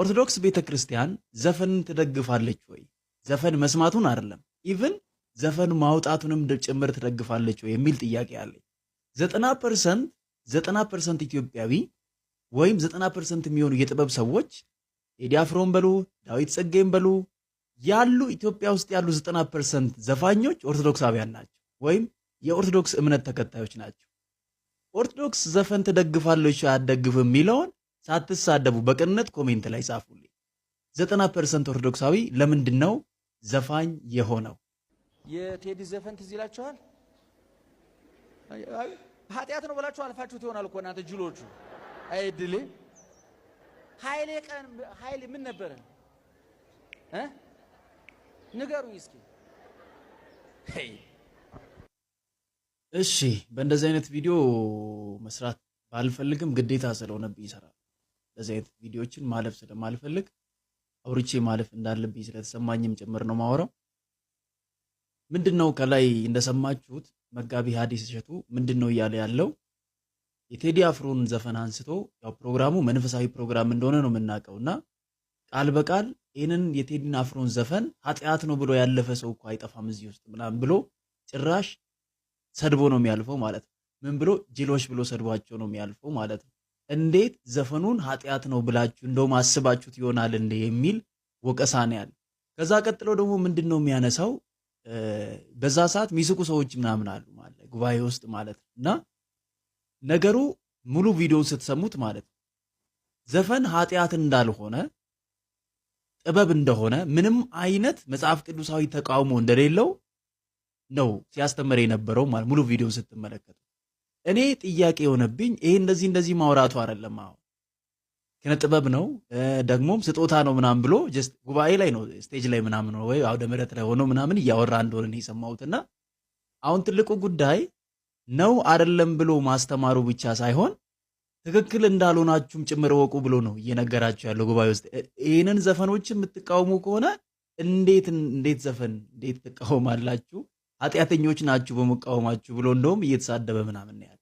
ኦርቶዶክስ ቤተ ክርስቲያን ዘፈንን ትደግፋለች ወይ? ዘፈን መስማቱን አይደለም ኢቭን ዘፈን ማውጣቱንም ጭምር ትደግፋለች ወይ የሚል ጥያቄ አለኝ። ዘጠና ፐርሰንት ዘጠና ፐርሰንት ኢትዮጵያዊ ወይም ዘጠና ፐርሰንት የሚሆኑ የጥበብ ሰዎች ኤዲ አፍሮን በሉ ዳዊት ጸጋይን በሉ ያሉ ኢትዮጵያ ውስጥ ያሉ ዘጠና ፐርሰንት ዘፋኞች ኦርቶዶክሳውያን ናቸው ወይም የኦርቶዶክስ እምነት ተከታዮች ናቸው። ኦርቶዶክስ ዘፈን ትደግፋለች አያደግፍ የሚለውን ሳትሳደቡ በቅንነት ኮሜንት ላይ ጻፉልኝ። ዘጠና ፐርሰንት ኦርቶዶክሳዊ ለምንድን ነው ዘፋኝ የሆነው? የቴዲ ዘፈን ትዝ ይላችኋል? ኃጢአት ነው ብላችሁ አልፋችሁት ይሆናል እኮ እናንተ ጅሎቹ። አይ ኃይሌ ቀን ኃይሌ ምን ነበረ እ ንገሩኝ እስኪ። እሺ በእንደዚህ አይነት ቪዲዮ መስራት ባልፈልግም ግዴታ ስለሆነብኝ ይሰራል። እንደዚህ አይነት ቪዲዮዎችን ማለፍ ስለማልፈልግ አውርቼ ማለፍ እንዳለብኝ ስለተሰማኝም ጭምር ነው ማወራው። ምንድን ነው ከላይ እንደሰማችሁት መጋቢ ሐዲስ እሸቱ ምንድን ነው እያለ ያለው የቴዲ አፍሮን ዘፈን አንስቶ ያው ፕሮግራሙ መንፈሳዊ ፕሮግራም እንደሆነ ነው የምናውቀው እና ቃል በቃል ይህንን የቴዲን አፍሮን ዘፈን ኃጢአት ነው ብሎ ያለፈ ሰው እኮ አይጠፋም እዚህ ውስጥ ምናምን ብሎ ጭራሽ ሰድቦ ነው የሚያልፈው ማለት ነው። ምን ብሎ ጅሎች ብሎ ሰድቧቸው ነው የሚያልፈው ማለት ነው። እንዴት ዘፈኑን ኃጢአት ነው ብላችሁ እንደውም አስባችሁት ይሆናል እንደ የሚል ወቀሳ ነው ያለ። ከዛ ቀጥሎ ደግሞ ምንድን ነው የሚያነሳው በዛ ሰዓት ሚስቁ ሰዎች ምናምን አሉ ማለት ጉባኤ ውስጥ ማለት ነው። እና ነገሩ ሙሉ ቪዲዮን ስትሰሙት ማለት ነው ዘፈን ኃጢአት እንዳልሆነ ጥበብ እንደሆነ ምንም አይነት መጽሐፍ ቅዱሳዊ ተቃውሞ እንደሌለው ነው ሲያስተምር የነበረው ማለት ሙሉ ቪዲዮን ስትመለከቱ እኔ ጥያቄ የሆነብኝ ይሄ እንደዚህ እንደዚህ ማውራቱ አይደለም። አዎ ኪነ ጥበብ ነው ደግሞም ስጦታ ነው ምናምን ብሎ ጀስት ጉባኤ ላይ ነው ስቴጅ ላይ ምናምን ነው ወይ አውደ ምሕረት ላይ ሆኖ ምናምን እያወራ እንደሆነ ነው የሰማሁትና አሁን ትልቁ ጉዳይ ነው አይደለም ብሎ ማስተማሩ ብቻ ሳይሆን ትክክል እንዳልሆናችሁም ጭምር ወቁ ብሎ ነው እየነገራችሁ ያለው ጉባኤ ውስጥ። ይህንን ዘፈኖችን የምትቃወሙ ከሆነ እንዴት እንዴት ዘፈን እንዴት ትቃወማላችሁ? ኃጢአተኞች ናችሁ በመቃወማችሁ ብሎ እንደውም እየተሳደበ ምናምን ያለ